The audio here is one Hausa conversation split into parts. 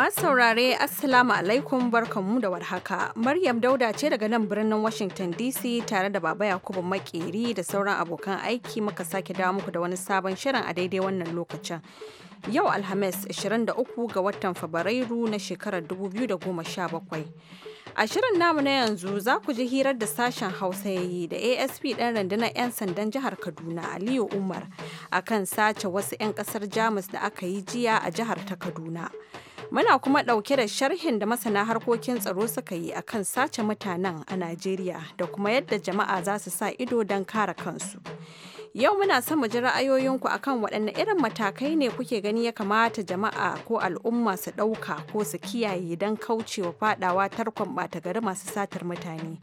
Masu saurare Assalamu alaikum barkanmu da warhaka. Maryam Dauda ce daga nan birnin Washington DC tare da Baba Yakubu Makeri da sauran abokan aiki muka sake dawo muku da wani sabon shirin a daidai wannan lokacin. Yau Alhamis 23 ga watan Fabrairu na shekarar 2017. A shirin namu na yanzu za ku ji hirar da sashen Hausa ya yi da ASP ɗan rundunar 'yan sandan jihar Kaduna Aliyu Umar akan sace wasu 'yan ƙasar Jamus da aka yi jiya a jihar ta Kaduna. Muna kuma ɗauke da sharhin da masana harkokin tsaro suka yi a kan sace mutanen a Najeriya da kuma yadda jama'a za su sa ido don kare kansu. Yau muna son mu ji ra'ayoyinku akan waɗanne irin matakai ne kuke gani ya kamata jama'a ko al'umma su ɗauka ko su kiyaye don kaucewa faɗawa tarkon ɓata gari masu satar mutane.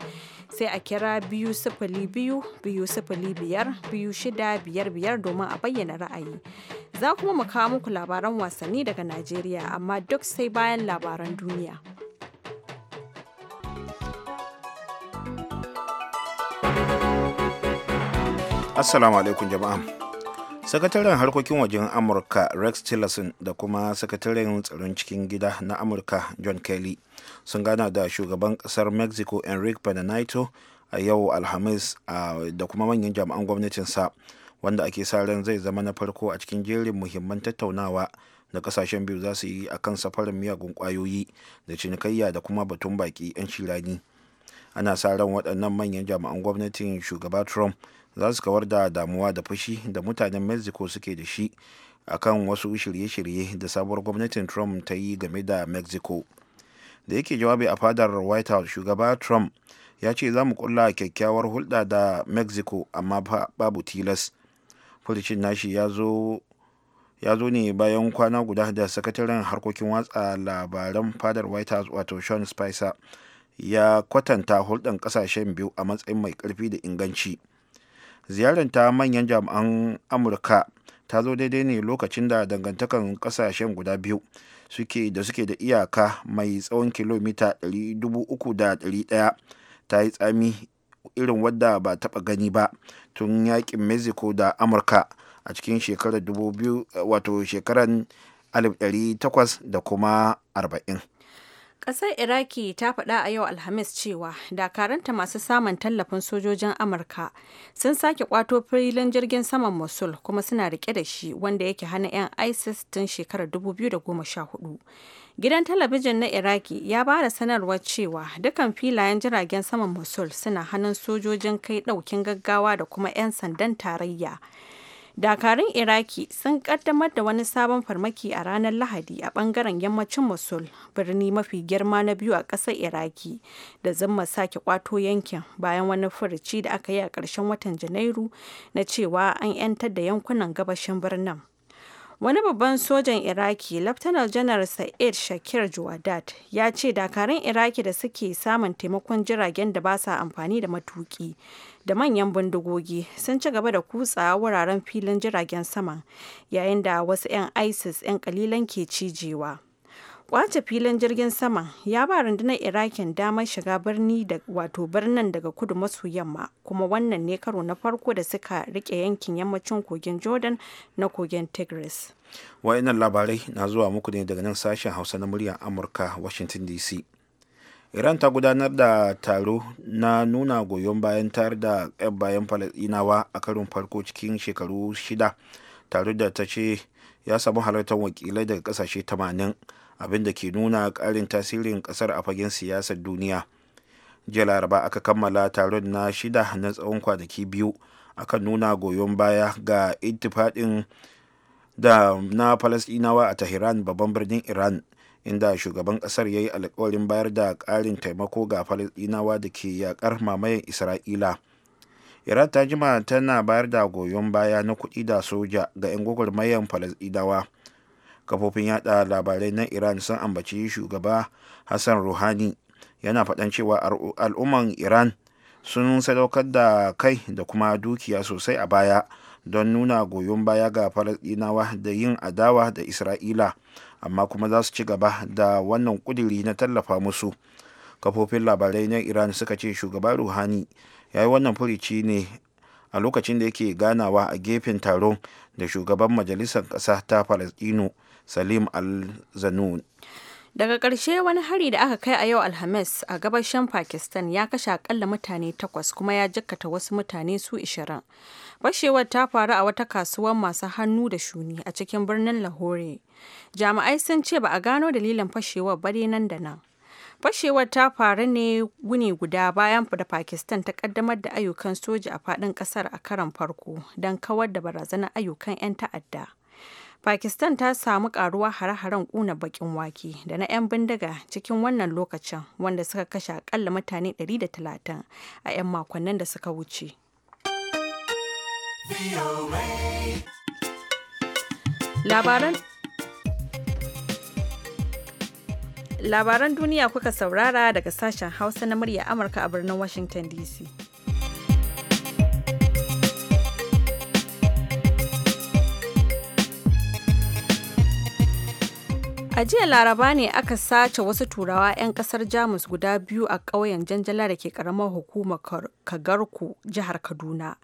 Sai a kira biyu sifili biyu biyu sifili biyar biyu shida biyar biyar domin a bayyana ra'ayi. Za kuma mu kawo muku labaran wasanni daga Najeriya amma duk sai bayan labaran duniya. assalamu alaikum jama'a sakataren harkokin wajen amurka rex tillerson da kuma sakataren tsaron cikin gida na amurka john kelly sun gana da shugaban kasar mexico enrique Nieto a yau alhamis da kuma manyan jami'an gwamnatinsa wanda ake sa ran zai zama na farko a cikin jerin muhimman tattaunawa da kasashen biyu za su yi a kan safarin miyagun kwayoyi da cinikayya da kuma batun baki 'yan shirani ana sa ran waɗannan manyan jami'an gwamnatin shugaba trump za su kawar da damuwa da fushi da mutanen mexico suke da shi akan wasu shirye-shirye da sabuwar gwamnatin trump ta yi game da mexico da yake jawabi a fadar white house shugaba trump ya ce za mu kulla kyakkyawar hulɗa da mexico amma babu tilas fulcin nashi ya zo ne bayan kwana guda da sakataren harkokin watsa labaran fadar white house wato sean spicer ya kwatanta hulɗan ƙasashen biyu a matsayin mai ƙarfi da inganci. ziyarar ta manyan jami'an amurka ta zo daidai ne lokacin da dangantakan kasashen guda biyu suke da suke da iyaka mai tsawon kilomita 300,000 ta yi tsami irin wadda ba taba gani ba tun yakin mexico da amurka a cikin shekarar 2000 wato shekarar 1840 da kuma arba'in. Ƙasar Iraki ta faɗa a yau Alhamis cewa dakaranta masu samun tallafin sojojin Amurka sun sake kwato filin jirgin saman Mosul kuma suna rike da shi wanda yake hana 'yan ISIS tun shekarar 2014. Gidan talabijin na Iraki ya ba da sanarwar cewa dukkan filayen jiragen saman Mosul suna hannun sojojin kai ɗaukin gaggawa da kuma 'yan sandan tarayya. dakarun iraki sun kaddamar da wani sabon farmaki a ranar lahadi a bangaren yammacin mosul birni mafi girma na biyu a ƙasar iraki da zama sake kwato yankin bayan wani furuci da aka yi a ƙarshen watan janairu na cewa an 'yantar da yankunan gabashin birnin Wani babban sojan Iraki, Laftanar Janar Sa'id Shakir Juwadat, ya ce dakarun Iraki da suke samun taimakon jiragen da ba sa amfani da matuki da manyan bindigogi sun ci gaba da kutsa wuraren filin jiragen saman yayin da wasu 'yan ISIS 'yan kalilan ke cijewa. Kwace filin jirgin saman ya ba rundunar Irakin damar shiga birni da wato birnin daga kudu maso yamma kuma wannan ne karo na farko da suka rike yankin yammacin kogin Jordan na kogin Tigris. nan labarai na zuwa muku ne daga nan sashen Hausa na muryar Amurka Washington DC. Iran ta gudanar da taro na nuna goyon bayan tayar da yan bayan falasinawa a karin farko cikin shekaru shida tare da ta ce ya samu halartar wakilai daga kasashe 80 abin da ke nuna ƙarin tasirin ƙasar a fagen siyasar duniya jiya laraba aka kammala taron na shida na tsawon kwanaki biyu akan nuna goyon baya ga intifadin da na falasɗinawa a tehran babban birnin iran inda shugaban ƙasar ya yi alkawarin bayar da ƙarin taimako ga falasɗinawa da ke yaƙar mamayen isra'ila iran ta jima tana bayar da goyon baya na kuɗi da soja ga 'yan gwagwarmayan falasɗinawa kafofin yada labarai na iran sun ambaci shugaba hassan ruhani yana faɗan cewa al'umman iran sun sadaukar da kai da kuma dukiya sosai a baya don nuna goyon baya ga falasɗinawa da yin adawa da isra'ila amma kuma za su ci gaba da wannan kudiri na tallafa musu kafofin labarai na iran suka ce shugaba ruhani ya yi wannan furici ne a lokacin da yake ganawa a gefen taron da shugaban majalisar ƙasa ta falasɗinu salim al-zanun daga ƙarshe wani hari da aka kai a yau alhamis a gabashin pakistan ya kashe akalla mutane takwas kuma ya jikkata wasu mutane su ishirin fashewar ta faru a wata kasuwar masu hannu da shuni a cikin birnin lahore jami'ai sun ce ba a gano dalilin fashewar bare nan da nan fashewar ta faru ne wuni guda bayan da pakistan ta kaddamar da ayyukan soja a faɗin ƙasar a karon farko don kawar da barazanar ayyukan 'yan ta'adda Pakistan ta samu karuwa hare-haren kuna bakin wake da na 'yan bindiga cikin wannan lokacin wanda suka kashe akalla mutane 130 a 'yan makonnin da suka wuce. Labaran Labaran duniya kuka saurara daga sashen Hausa na murya Amurka a birnin Washington DC. A jiya laraba ne aka sace wasu turawa 'yan kasar Jamus guda biyu a ƙauyen Janjala da ke ƙaramar hukumar Kagarku jihar Kaduna.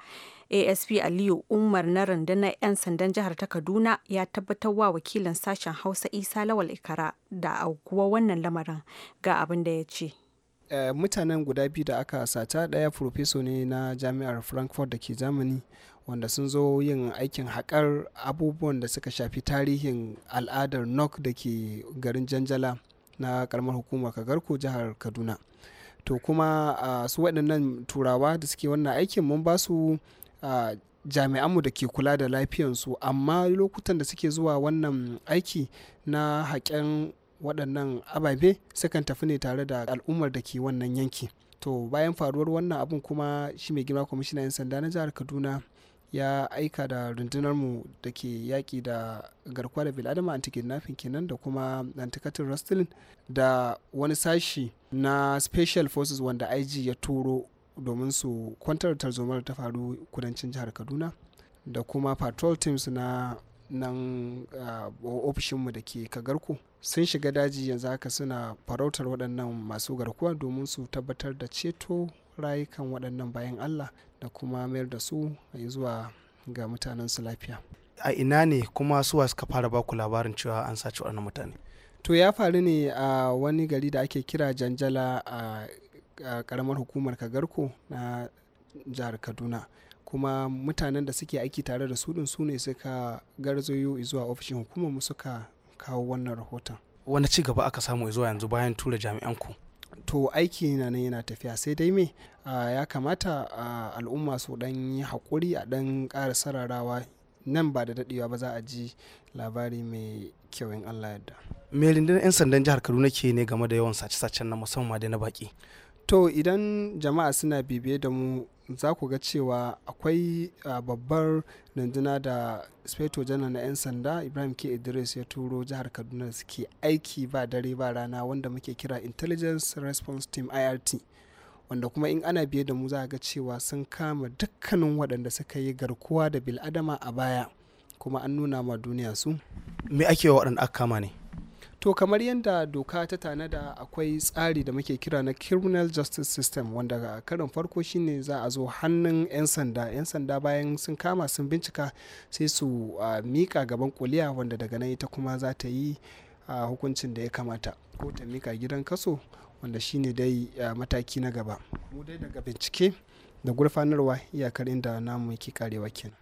ASP Aliyu Umar na rundunar 'yan sandan jihar ta Kaduna ya tabbatar wa wakilin sashen Hausa Isa Lawal Ikara da aukuwa wannan lamarin ga abin da ya ce. Eh, mutanen guda biyu da aka sata ɗaya profeso ne na jami'ar frankfurt da ke germany wanda sun zo yin aikin haƙar abubuwan da suka shafi tarihin al'adar nok da ke garin janjala na karamar hukumar kagarko jihar kaduna to kuma uh, su waɗannan turawa da suke wannan aikin mun ba su jami'anmu da ke kula da lafiyansu amma lokutan da suke zuwa wannan aiki na haƙen waɗannan ababe sukan tafi ne tare da al'ummar da ke wannan yanki to bayan faruwar wannan abun kuma shi mai gina kwamishinan 'yan sanda na jihar kaduna ya aika da rundunarmu da ke yaƙi da garkuwa da biladama anti-kidnapping kenan da kuma antikatin rustling da wani sashi na special forces wanda ig ya turo domin su kwantar tarzomar ta faru kudancin jihar kaduna da kuma patrol teams na nan ofishinmu da ke kagarku sun shiga daji yanzu haka suna farautar waɗannan masu garkuwa domin su tabbatar da ceto rayukan waɗannan bayan Allah da kuma mayar da su zuwa ga mutanensu lafiya. A ina ne kuma suwa suka fara baku labarin cewa an sace waɗannan mutane? To ya faru ne a wani gari da ake kira Janjala a ƙaramar karamar hukumar Kagarko na jihar Kaduna. kuma mutanen da suke aiki tare da su su ne suka garzayo zuwa ofishin hukumar mu suka kawo wannan rahoton wani ci gaba aka samu zuwa yanzu bayan tura jami'an ku to aiki na nan yana tafiya sai dai me ya kamata al'umma su dan yi hakuri a dan ƙara sararawa nan ba da daɗewa ba za a ji labari mai kyau in Allah yadda. Me rindin 'yan sandan jihar Kaduna ke ne game da yawan sace-sacen na musamman da na baki? To idan jama'a suna bibiye da mu za ku ga cewa akwai babbar danduna da speto janar na 'yan sanda ibrahim k idris ya turo jihar kaduna suke aiki ba dare ba rana wanda muke kira intelligence response team irt wanda kuma in ana biye da mu za a ga cewa sun kama dukkanin waɗanda suka yi garkuwa da biladama a baya kuma an nuna ma duniya su me ake wa waɗanda aka kama ne to kamar yadda doka ta tanada akwai tsari da muke kira na criminal justice system wanda a karin farko shine za a zo hannun 'yan sanda 'yan sanda bayan sun kama sun bincika sai su mika gaban kuliya wanda daga nan ita kuma za ta yi hukuncin da ya kamata ko ta mika gidan kaso wanda shine dai mataki na gaba mu dai daga bincike da gurfanarwa iyakar inda namu yake karewa kenan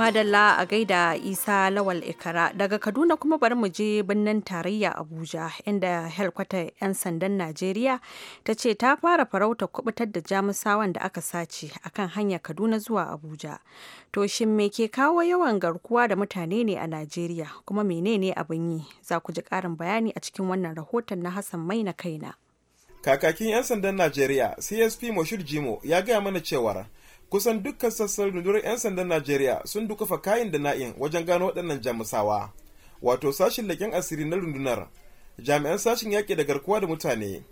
Madalla a gaida Isa Lawal Ikara daga Kaduna kuma bari mu je birnin tarayya Abuja inda helkwata 'yan sandan Najeriya ta ce ta fara farauta kubutar da jamusawan da aka sace akan hanya Kaduna zuwa Abuja. To shin me ke kawo yawan garkuwa da mutane ne a Najeriya kuma menene abin yi? Za ku ji ƙarin bayani a cikin wannan rahoton na Hassan mai na kaina. Kakakin 'yan sandan Najeriya CSP moshir Jimo ya gaya mana cewar kusan dukkan sassan rundunar 'yan sandan najeriya sun dukafa kayan da na'in wajen gano waɗannan jamusawa wato sashin laƙen asiri na rundunar jami'an sashin yaƙi da garkuwa da mutane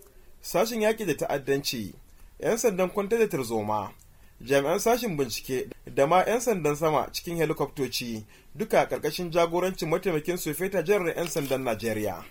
sashin yaƙi da ta'addanci 'yan sandan kwanta da tarzoma jami'an sashin bincike da ma 'yan sandan sama cikin helikoftoci duka ƙarƙashin jagorancin mataimakin sufeta jihar 'yan sandan najeriya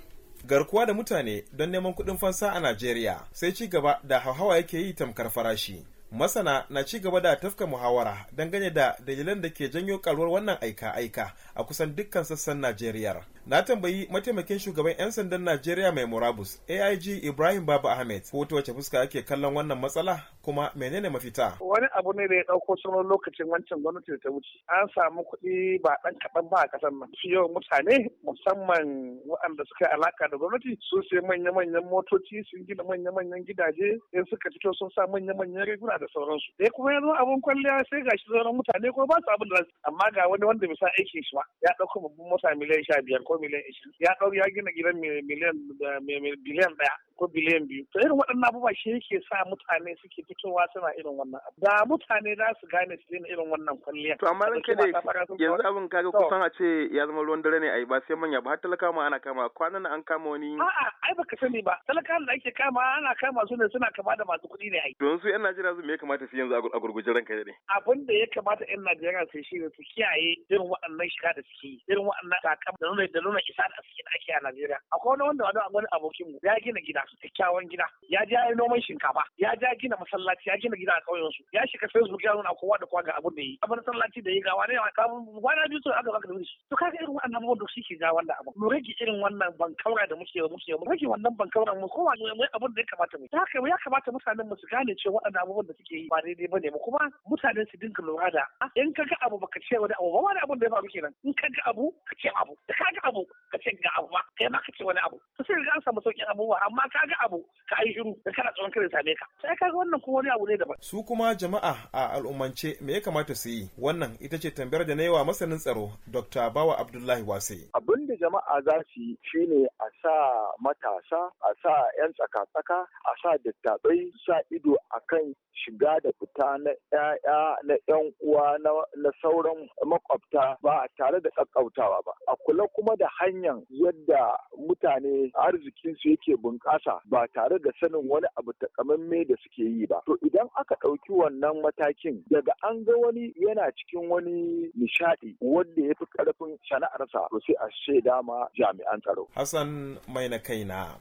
garkuwa da mutane don neman kuɗin fansa a najeriya sai ci gaba da hauhawa yake yi tamkar farashi masana na ci gaba da tafka muhawara dangane da dalilan da ke janyo karuwar wannan aika-aika a kusan dukkan sassan najeriya na tambayi mataimakin shugaban 'yan sandan najeriya mai murabus aig ibrahim baba ahmed ko wace fuska ake kallon wannan matsala kuma menene mafita wani abu ne da ya dauko sunan lokacin wancan gwamnati da ta wuce an samu kuɗi ba dan kaɗan ba a ƙasar nan Yau mutane musamman waɗanda suka yi alaka da gwamnati sun sai manya-manyan motoci sun gina manya-manyan gidaje in suka fito sun sa manya-manyan riguna da sauransu eh kuma ya zo abun kwalliya sai ga gashi sauran mutane ko ba su abin da amma ga wani wanda bai sa aikin shi ba ya dauko babban mota miliyan sha biyar ko miliyan ishirin ya dauko ya gina gidan miliyan eh, biliyan ɗaya ko biliyan biyu to irin waɗannan abubuwa shi yake sa mutane suke fitowa suna irin wannan abu da mutane za su gane su daina irin wannan kwalliya to amma ran ne yanzu abin kaga kusan a ce ya zama ruwan dare ne ai ba sai manya ba har talaka ma ana kama kwanan an kama wani a'a ai baka sani ba talaka da ake kama ana kama su ne suna kama da masu kuɗi ne ai don su yan Najeriya su me ya kamata su yanzu a gurguje ranka ne abin da ya kamata yan Najeriya su shi su kiyaye irin waɗannan shiga da suke yi irin waɗannan takam da nuna isa da suke da ake a Najeriya akwai wani wanda wani abokin mu ya gina gida kyakkyawan gida ya je ya noman shinkafa ya je gina masallaci ya gina gida a ƙauyen su ya shiga facebook ya nuna kowa da kowa ga abin da yi abin masallaci da yi ga wani ya kawo wani abin su aka baka da wuri to kaga irin wannan abubuwan da suke ga wannan abu mu rage irin wannan bankaura da muke muke mu rage wannan bankaura mu kowa mu abin da ya kamata mu haka ya kamata mutanen mu su gane cewa waɗannan abubuwan da suke yi ba daidai bane mu kuma mutanen su dinka lura da in kaga abu baka ce wani abu ba wani abin da ya faru kenan in kaga abu ka ce abu da ga abu ka ce ga abu ba kai ma ka ce wani abu sai ga an samu sauƙin abubuwa amma ka ga abu ka yi shiru da kana tsoron kare same ka sai ka ga wannan kuma wani abu ne daban su kuma jama'a a al'ummance me ya kamata su yi wannan ita ce tambayar da na yi wa masanin tsaro Dr. Bawa Abdullahi Wase abin da jama'a za su yi shine a sa matasa a sa 'yan tsaka-tsaka a sa dattabai sa ido akan shiga da fita na 'ya'ya na 'yan uwa na sauran makwabta ba tare da ƙaƙƙautawa ba a kula kuma da hanyar yadda mutane arzikinsu yake bunƙasa ba tare da sanin wani abu takamamme da suke yi ba to idan aka ɗauki wannan matakin daga an ga wani yana cikin wani nishaɗi wanda ya fi ƙarfin sana'arsa to sai a shaida ma jami'an tsaro hassan mai na kaina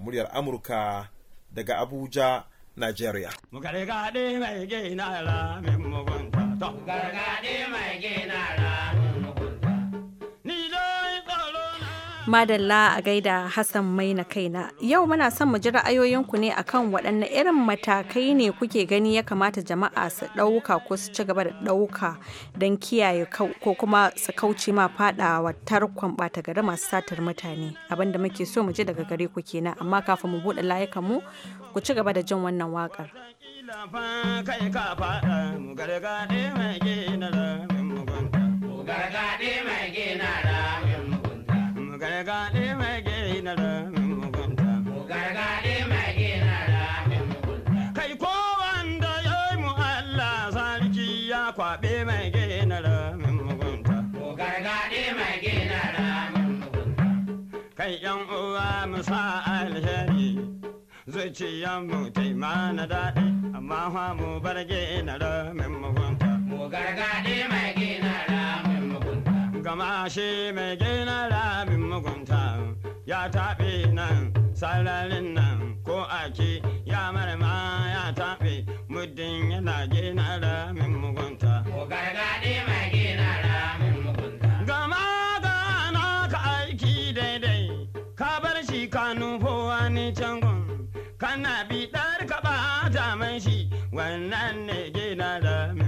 muryar amurka daga abuja Najeriya. mu Gargaɗe mai gina ramin mugunta. Gargaɗe mai Madalla a gaida Hassan Maina kaina. Yau muna son mu ji ra'ayoyinku ne akan waɗanne irin matakai ne kuke gani ya kamata jama'a su ɗauka ko su ci gaba da ɗauka don kiyaye ko kuma su kauce ma faɗawa tarkon ɓata gari masu satar mutane. Abin muke so mu ji daga gare ku kenan amma kafin mu buɗe layukan mu ku ci gaba da jin wannan waƙar. gargaɗe mai gina da gargaɗe mai gina ramin mugunta. Gargaɗe mai gina ramin mugunta. Kai ko wanda ya yi mu Allah sarki ya kwaɓe mai gina ramin mugunta. Gargaɗe mai gina ramin mugunta. Kai ƴan uwa mu sa alheri zuciyar mu taimana daɗi amma fa mu bar gina ramin mugunta. Mu gargaɗe mai gina kamashi shi mai gina labin mugunta ya taɓe nan sararin nan ko ake ya marama ya taɓe muddin yana gina labin mugunta. Ko gargaɗe mai Gama gana ka aiki daidai ka bar shi ka ba ta mai shi wannan ne gina mi.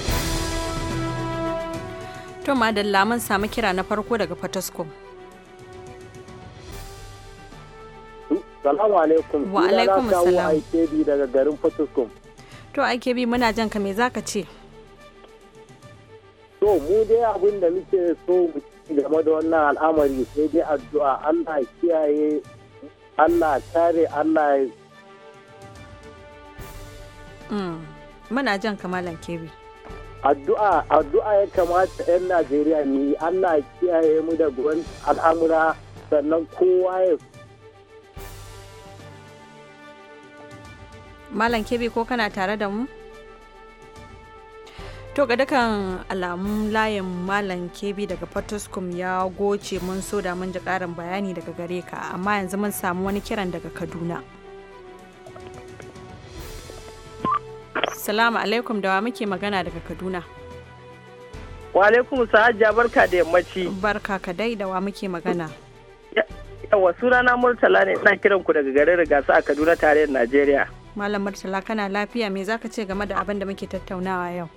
To madalla mun samu kira na farko daga Fatasko. Salamu alaikum. Wa alaikum salam. IKB daga garin Fatasko. To IKB muna jan ka me zaka ce? To mu dai abin da muke so mu game da wannan al'amari sai dai addu'a Allah kiyaye Allah kare Allah mm. Muna jan kamalan kebi. addu'a addu'a ya kamata 'yan najeriya ne allah kiyaye mu da gwan al'amura sannan kowa ya malam kebe ko kana tare da mu to ga dukan alamun layin malam kebe daga potoskum ya goce mun so da mun ji karin bayani daga gare ka amma yanzu mun samu wani kiran daga kaduna Assalamu alaikum da wa muke magana daga Kaduna. Wa alaikum sa'ajja barka da yammaci. Barka ka dai da muke magana. Yawa sunana Murtala ne ina kiran ku daga garin Rigasa a Kaduna tare tarayyar Najeriya. Malam Murtala kana lafiya me zaka ce game da abin da muke tattaunawa yau?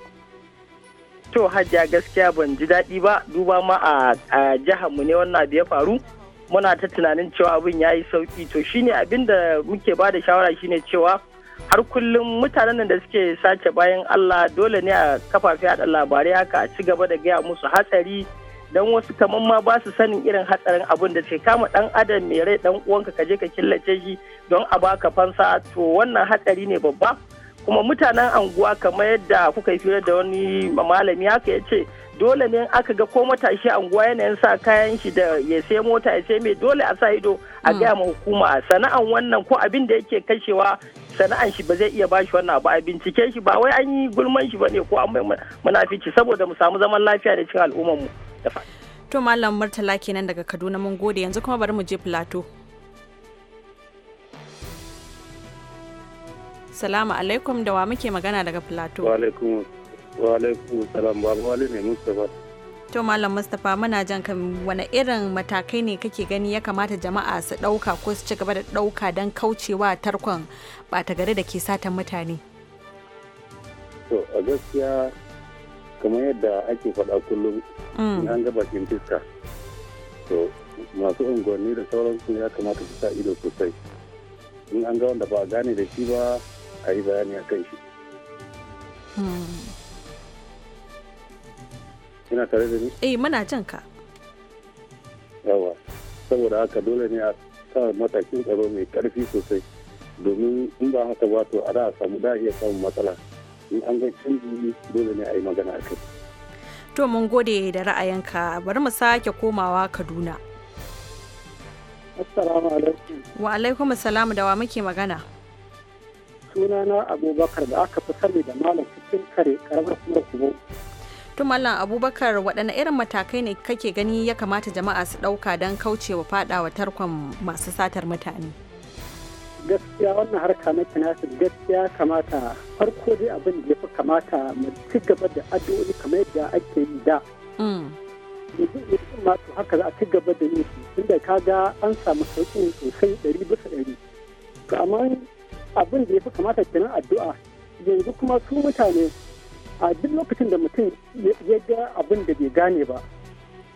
To hajja gaskiya ban ji daɗi ba duba ma a jihar mu ne wannan abu ya faru. Muna ta tunanin cewa abin ya yi sauki to shine abin da muke ba da shawara shine cewa har kullum mutanen da suke sace bayan Allah dole ne a kafafe haɗa labarai haka a ci gaba da gaya musu hatsari don wasu kamar ma ba su sanin irin hatsarin abun da ce kama dan adam mai rai dan uwanka ka je ka killace shi don a baka fansa to wannan hatsari ne babba kuma mutanen anguwa kamar yadda kuka yi fiye da wani malami haka ya ce dole ne aka ga ko matashi anguwa yanayin sa kayan shi da ya sai mota ya sai mai dole a sa ido a mm. gaya ma hukuma sana'an wannan ko abin da yake kashewa sana'an shi ba zai iya ba shi wannan abu a bincike shi ba wai an yi gulman shi ba ne ko an mai munafici saboda mu samu zaman lafiya da cikin al'ummar mu to mallam murtala kenan daga kaduna mun gode yanzu kuma bari mu je plateau salamu alaikum da wa muke magana daga plateau wa alaikum wa alaikum salam babu wali ne mustafa. to malam mustafa muna jan kan wani irin matakai ne kake gani ya kamata jama'a su dauka ko su ci gaba da dauka don kaucewa tarkon ɓata gari da ke satan mutane to a gaskiya kamar yadda ake faɗa kullum mm. an gaba bakin fiska to masu unguwanni da sauransu ya kamata su sa ido sosai in an ga wanda ba a gane da shi ba a yi bayani a kan shi hmm. ina tare da ni? eh muna jan ka yawa saboda haka dole ne a sa matakin tsaro mai karfi sosai domin in ba haka ba to a da samu da iya samun matsala in an ga canji dole ne a yi magana a kai to mun gode da ra'ayinka bari mu sake komawa kaduna assalamu alaikum wa alaikum assalamu da wa muke magana sunana abubakar da aka fi sani da malam cikin kare karamar kuma kuma tun mallam abubakar waɗanne irin matakai ne kake gani ya kamata jama'a su ɗauka don kaucewa faɗawa tarkon masu satar mutane gaskiya wannan harka na kinasi gaskiya kamata farko dai abin da ya fi kamata mu ci gaba da addu'o'i kamar yadda ake yi da mm. yanzu masu haka za a ci gaba da yin su inda ka ga an samu sauƙi sosai ɗari bisa ɗari to amma abin da ya fi kamata kenan addu'a yanzu kuma su mutane a duk lokacin da mutum ya ga abin da bai gane ba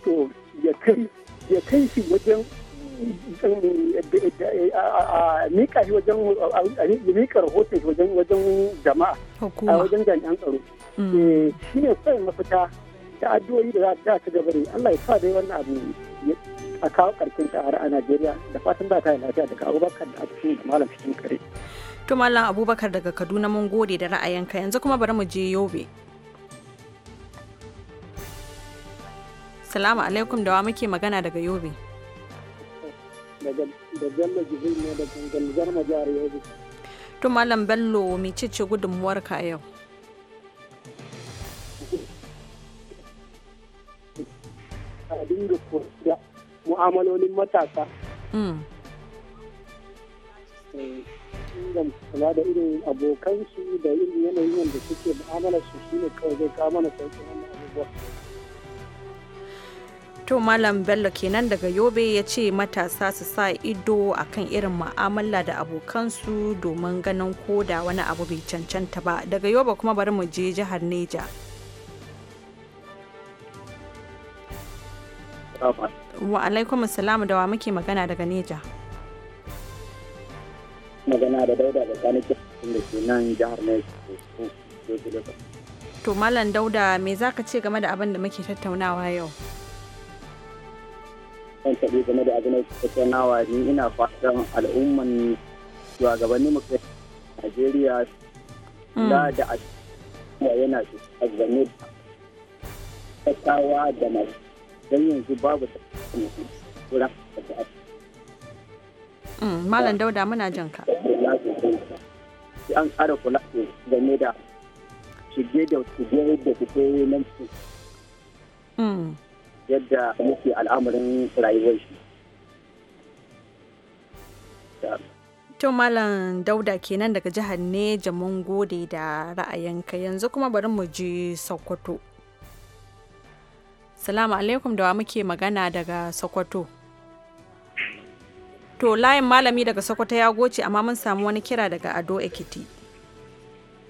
to ya kai shi wajen a mika shi wajen a mika rahoton shi wajen wajen jama'a a wajen jami'an tsaro mm. eh, shi ne kawai mafita ta addu'o'i da za ta gaba ne Allah ya sa dai wannan abu a kawo karshen ta a Najeriya da fatan za ta yi lafiya daga Abubakar da Abdul Malam cikin kare to Malam Abubakar daga Kaduna mun gode da ra'ayinka yanzu kuma bari mu je Yobe Salamu alaikum da wa muke magana daga Yobe. da bello jibril ne da gangalzar majari yau to malam bello mecece gudunmuwar ka yau a dinga da mu'amalolin matasa ingan kula da irin abokansu da irin yanayin da suke mu'amalar su shine kawai zai kawo mana sauƙin wannan abubuwa to malam bello kenan daga yobe ya ce matasa su sa ido a kan irin ma'amala da abokansu domin ganin ko da wani abu bai cancanta ba daga yobe kuma bari mu je jihar neja wa alaikum salamu da wa muke magana daga neja magana da dauda da tsanaki da ke nan jihar neja to malam dauda me zaka ce game da abin da muke tattaunawa yau son taɓe game da abin da tattaunawa ni ina fatan al'umman shugabannin mu kai Najeriya mm. da da a cikin yana shugabanni tattawa da masu don yanzu babu ta da tattawa wurin Malam Dauda muna jin ka. An ƙara kula game da shige da shige da fito nan. su. Mm. yadda muke al'amarin rayuwar shi To Malam Dauda kenan daga jihar Neja mun gode da ra'ayinka yanzu kuma bari mu je Sokoto. Salamu alaikum da wa muke magana daga Sokoto. To layin malami daga Sokoto ya goce amma mun samu wani kira daga Ado Ekiti.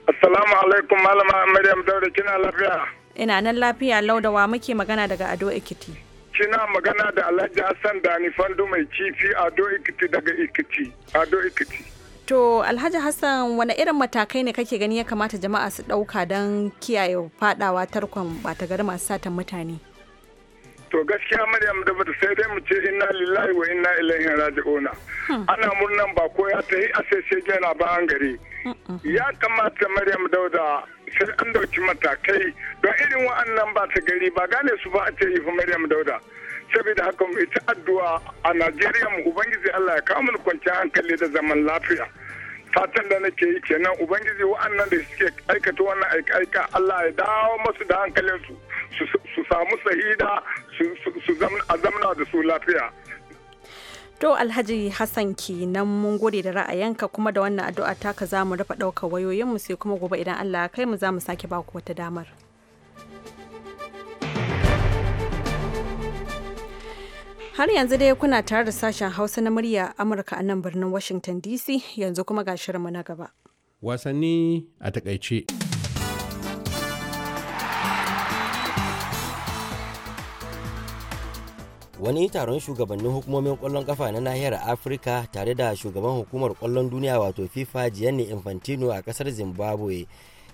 Assalamu alaikum malama Maryam Dauda kina lafiya. Ina nan lafiya laudawa muke magana daga Ado ikiti. Kina magana da Alhaji Hassan Dani Fandu mai cifi Ado ikiti daga ikiti Ado ikiti. To Alhaji Hassan wani irin matakai ne kake gani ya kamata jama'a su ɗauka don kiyaye fadawa tarkon bata gari masu satan mutane? to gaskiya maryam da bata sai dai mu ce inna lillahi wa inna ilaihi raji'un hmm. ana murnan ba ko ya tahi a sai sai gena ba an gari ya kamata maryam dauda sai an dauki matakai don irin wa'annan ba ta gari ba gane su ba a ce yi Maryam Dauda saboda haka mu ita addu'a a Najeriya mu ubangiji Allah ya kawo mu kwanciyar hankali da zaman lafiya fatan da nake yi kenan ubangiji wa'annan da suke aikata wannan aika Allah ya dawo masu da hankalinsu su samu sahida su zamna da su lafiya To Alhaji Hassan kenan mun gode da ra'ayanka kuma da wannan addu'a taka za mu rufe ɗaukar wayoyinmu sai kuma gobe idan Allah ya kai mu za mu sake ba ku wata damar. Har yanzu dai kuna tare da sashen Hausa na murya Amurka a nan birnin Washington DC yanzu kuma ga shirinmu na gaba. Wasanni a takaice. wani taron shugabannin hukumomin kwallon kafa na nahiyar afirka tare da shugaban hukumar kwallon duniya wato fifa gianni infantino a kasar zimbabwe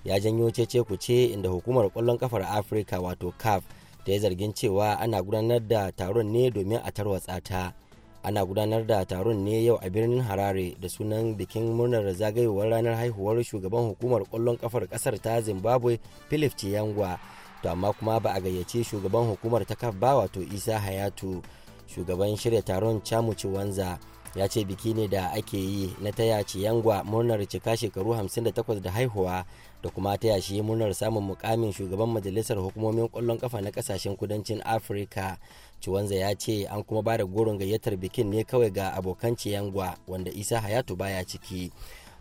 ya janyo cece kuce inda hukumar kwallon kafar afirka wato caf ta yi zargin cewa ana gudanar da taron ne domin a tarwatsa ta ana gudanar da taron ne yau a birnin harare da sunan bikin murnar zagayowar ranar haihuwar shugaban hukumar kwallon kafar kasar ta zimbabwe philip chiyangwa to amma kuma ba a gayyace shugaban hukumar ta ba wato isa hayatu shugaban shirya taron camuci wanza ya ce biki ne da ake yi na taya ciyangwa murnar cika shekaru 58 da haihuwa da kuma taya shi murnar samun mukamin shugaban majalisar hukumomin kwallon kafa na kasashen kudancin afirka ciwanza ya ce an kuma ba da goron gayyatar bikin ne kawai ga abokan ciyangwa wanda isa hayatu baya ciki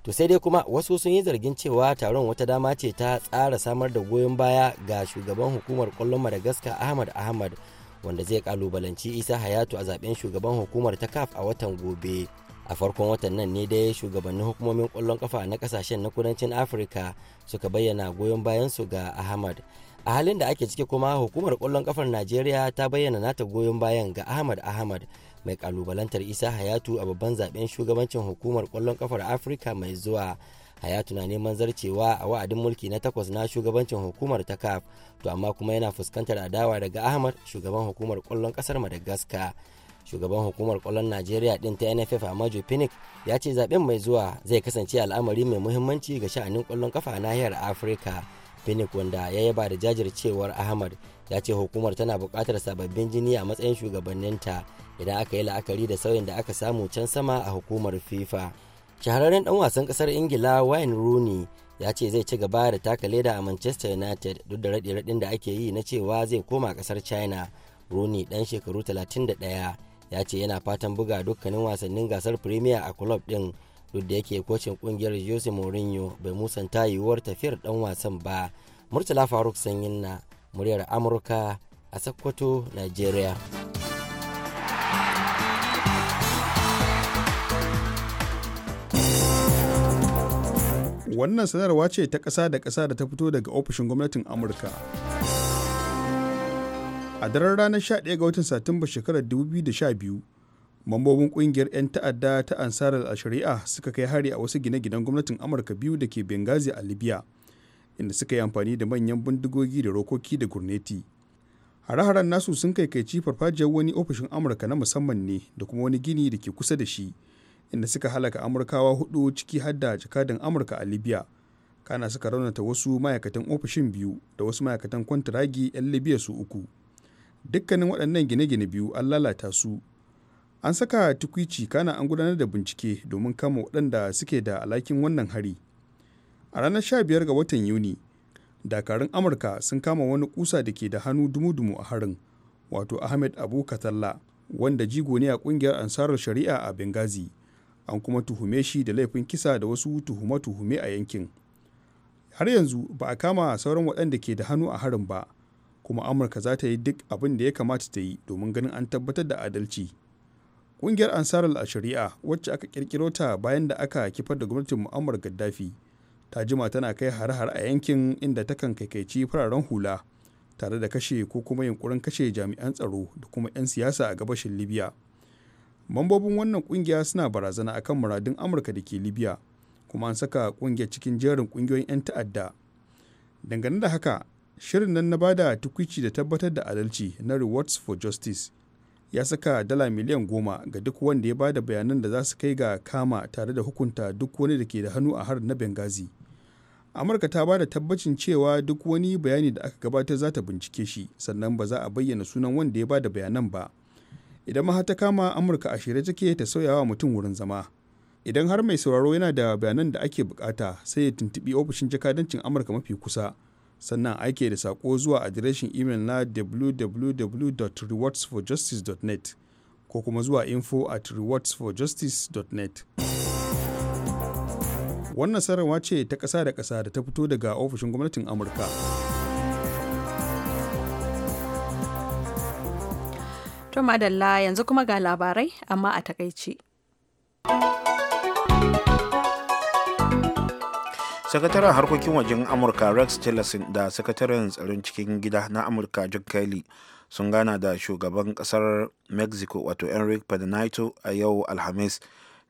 to sai dai kuma wasu sun yi zargin cewa taron wata dama ce ta tsara samar da goyon baya ga shugaban hukumar kwallon madagascar ahmad ahmad wanda zai kalubalanci isa hayatu a zaben shugaban hukumar ta kaf a watan gobe a farkon watan nan ne dai shugabannin hukumomin kwallon kafa na kasashen na kudancin afirka suka bayyana goyon bayansu ga ahmad a halin da ake ciki kuma hukumar kwallon kafar najeriya ta bayyana nata goyon bayan ga ahmad ahmad mai kalubalantar isa hayatu a babban zaben shugabancin hukumar kwallon kafar afirka mai zuwa hayatu na neman zarcewa a wa'adin mulki na takwas na shugabancin hukumar ta kaf to amma kuma yana fuskantar adawa daga ahmad shugaban hukumar kwallon kasar madagascar shugaban hukumar kwallon najeriya din ta nff amaju phoenix ya ce zaben mai zuwa zai kasance al'amari mai muhimmanci ga sha'anin kwallon kafa a nahiyar afirka Finnick wanda ya yaba da jajircewar Ahmad ya ce hukumar tana buƙatar sababbin jini a matsayin shugabanninta idan aka yi la'akari da sauyin da aka samu can sama a hukumar FIFA. Shahararren ɗan wasan ƙasar Ingila Wayne Rooney ya ce zai ci gaba da taka leda a Manchester United duk da raɗe-raɗin da ake yi na cewa zai koma ƙasar China. Rooney ɗan shekaru 31 ya ce yana fatan buga dukkanin wasannin gasar Premier a kulob ɗin duk da yake kocin kungiyar jose mourinho bai musanta yiwuwar tafiyar dan wasan ba murtala faruk sanyin na muryar amurka a sakkwato nigeria wannan sanarwa ce ta ƙasa da ƙasa da ta fito daga ofishin gwamnatin amurka a daren ranar 11 ga watan satumba shekarar 2012 mambobin kungiyar 'yan ta'adda ta ansar al-shari'a suka kai hari a wasu gine-ginen gwamnatin amurka biyu da ke benghazi a libya inda suka yi amfani da manyan bindigogi da rokoki da gurneti hare-haren nasu sun kai kaici farfajiyar wani ofishin amurka na musamman ne da kuma wani gini da ke kusa da shi inda suka halaka amurkawa hudu ciki har da jakadan amurka a libya kana suka raunata wasu ma'aikatan ofishin biyu da wasu ma'aikatan kwantiragi 'yan libya su uku dukkanin waɗannan gine-gine biyu an lalata su an saka tukwici kana an gudanar da bincike domin kama waɗanda suke da alakin wannan hari a ranar 15 ga watan yuni dakarun amurka sun kama wani kusa da ke da hannu dumu-dumu a harin wato ahmed abu katalla wanda jigo ne a kungiyar ansarar shari'a a benghazi an kuma tuhume shi da laifin kisa da wasu tuhume-tuhume a yankin har yanzu ba a kama sauran waɗanda ke da hannu a harin ba kuma amurka za ta yi duk abin da ya kamata ta yi domin ganin an tabbatar da adalci Ƙungiyar Ansar al sharia wacce aka ƙirƙiro ta bayan da aka kifar da gwamnatin Muammar Gaddafi, ta jima tana kai har har a yankin inda takan kaikaici fararen hula tare da kashe ko kuma yunkurin kashe jami'an tsaro da kuma 'yan siyasa a gabashin Libya. Mambobin wannan ƙungiya suna barazana a kan muradun Amurka da ke Libya, kuma an saka ƙungiyar cikin jerin ƙungiyoyin 'yan ta'adda. Dangane da haka, shirin nan na bada tukwici da tabbatar da adalci na Rewards for Justice ya saka dala miliyan goma ga duk wanda ya bada bayanan da za su kai ga kama tare da hukunta duk wani da ke da hannu a harin na benghazi amurka ta bada tabbacin cewa duk wani bayani da aka gabatar za ta bincike shi sannan ba za a bayyana sunan wanda ya ba da bayanan ba idan maha ta kama amurka a shirye take ta sauyawa mutum wurin zama idan har mai sauraro yana da bayanan da ake bukata sai ya tuntubi ofishin jakadancin amurka mafi kusa sannan aike da saƙo zuwa adireshin imel na www.rewardsforjustice.net ko kuma zuwa info at rewardsforjustice.net wannan sarrafa ce ta ƙasa da ƙasa da ta fito daga ofishin gwamnatin amurka to madalla yanzu kuma ga labarai amma a takaici. sakataren harkokin wajen amurka rex tillerson da sakataren tsaron cikin gida na amurka john kelly sun gana da shugaban kasar mexico wato enrique pedanito a yau alhamis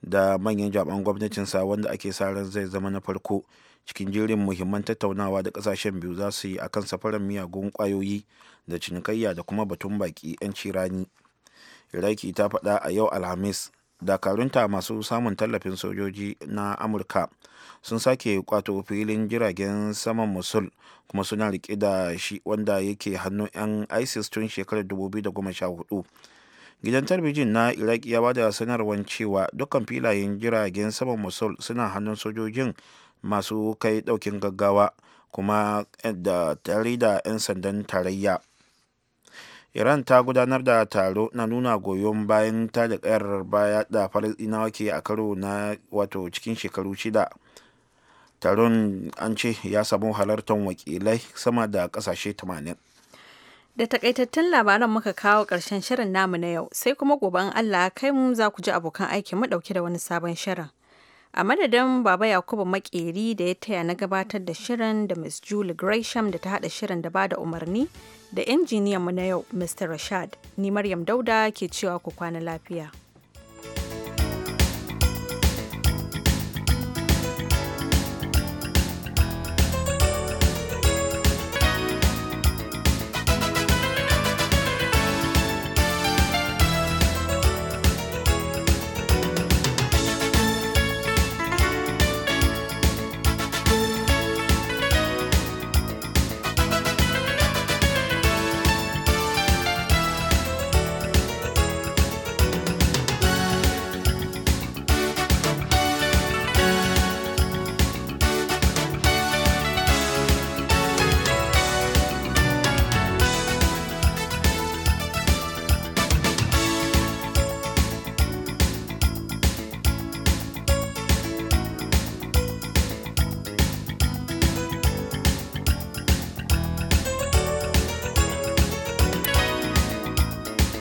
da manyan jaban gwamnatinsa wanda ake sa ran zai zama na farko cikin jirin muhimman tattaunawa da kasashen biyu za su yi a kan safarar miyagun kwayoyi da cinikayya da kuma batun baki 'yanci rani iraki ta faɗa a yau alhamis dakarunta masu samun tallafin sojoji na amurka sun sake kwato filin jiragen saman musul kuma suna rike da shi wanda yake hannun 'yan isis tun shekarar 2014 gidan tarbijin na iraq ya bada sanarwar cewa dukkan filayen jiragen saman musul suna hannun sojojin masu kai daukin gaggawa kuma da tare da 'yan sandan tarayya iran ta gudanar da taro na nuna goyon bayan ta da kayar baya da ina ke a karo na wato cikin shekaru shida taron an ce ya samu halartar wakilai sama da kasashe 80 da takaitattun labaran muka kawo ƙarshen shirin namu na yau sai kuma gobe in allah kai mu za ku ji abokan aiki mu ɗauke da wani sabon shirin a madadin baba yakubu makeri da ya taya na gabatar da shirin da miss julie gresham da ta hada shirin da ba da umarni da injiniyan mu na yau mr rashad ni maryam dauda ke cewa ku kwana lafiya